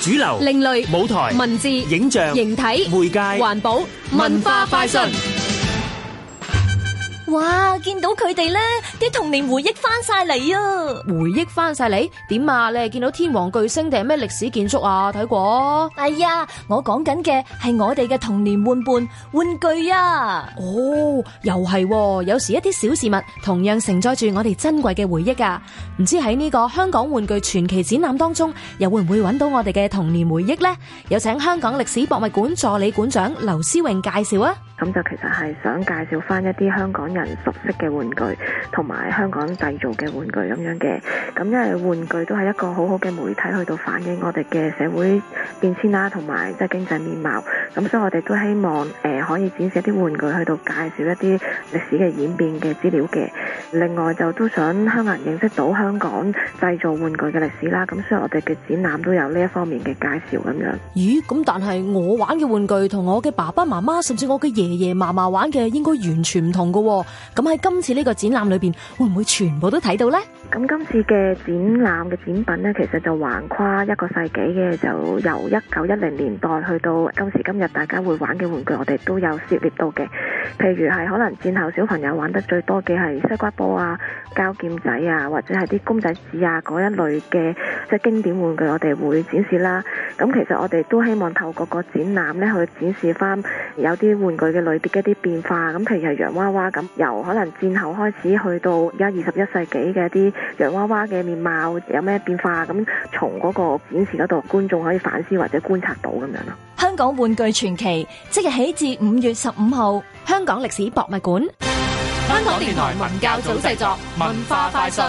主流、另類、舞台、文字、影像、形體、媒介、環保、文化、快訊。哇！見到佢哋咧，啲童年回憶翻晒嚟啊！回憶翻晒嚟，點啊？你係見到天王巨星定係咩歷史建築啊？睇過、啊？哎呀，我講緊嘅係我哋嘅童年玩伴玩具啊！哦，又係、哦，有時一啲小事物同樣承載住我哋珍貴嘅回憶啊！唔知喺呢個香港玩具傳奇展覽當中，又會唔會揾到我哋嘅童年回憶呢？有請香港歷史博物館助理館長劉思穎介紹啊！咁就其實係想介紹返一啲香港人熟悉嘅玩具，同埋香港製造嘅玩具咁樣嘅。咁因為玩具都係一個好好嘅媒體，去到反映我哋嘅社會變遷啦，同埋即係經濟面貌。咁所以我哋都希望，誒可以展示一啲玩具去到介紹一啲歷史嘅演變嘅資料嘅。另外就都想香港人認識到香港製造玩具嘅歷史啦。咁所以我哋嘅展覽都有呢一方面嘅介紹咁樣。咦？咁但係我玩嘅玩具，同我嘅爸爸媽媽甚至我嘅爺爺嫲嫲玩嘅應該完全唔同嘅喎。咁喺今次呢個展覽裏邊會唔會全部都睇到咧？咁今次嘅展覽嘅展品咧，其實就橫跨一個世紀嘅，就由一九一零年代去到今時今今日大家會玩嘅玩具，我哋都有涉獵到嘅。譬如係可能戰後小朋友玩得最多嘅係西瓜波啊、膠劍仔啊，或者係啲公仔紙啊嗰一類嘅，即係經典玩具，我哋會展示啦。咁其實我哋都希望透過個展覽咧去展示翻有啲玩具嘅類別嘅一啲變化。咁譬如係洋娃娃咁，由可能戰後開始去到而家二十一世紀嘅一啲洋娃娃嘅面貌有咩變化？咁從嗰個展示嗰度，觀眾可以反思或者觀察到咁樣咯。港玩具傳奇，即日起至五月十五號，香港歷史博物館，香港電台文教組製作，文化快訊。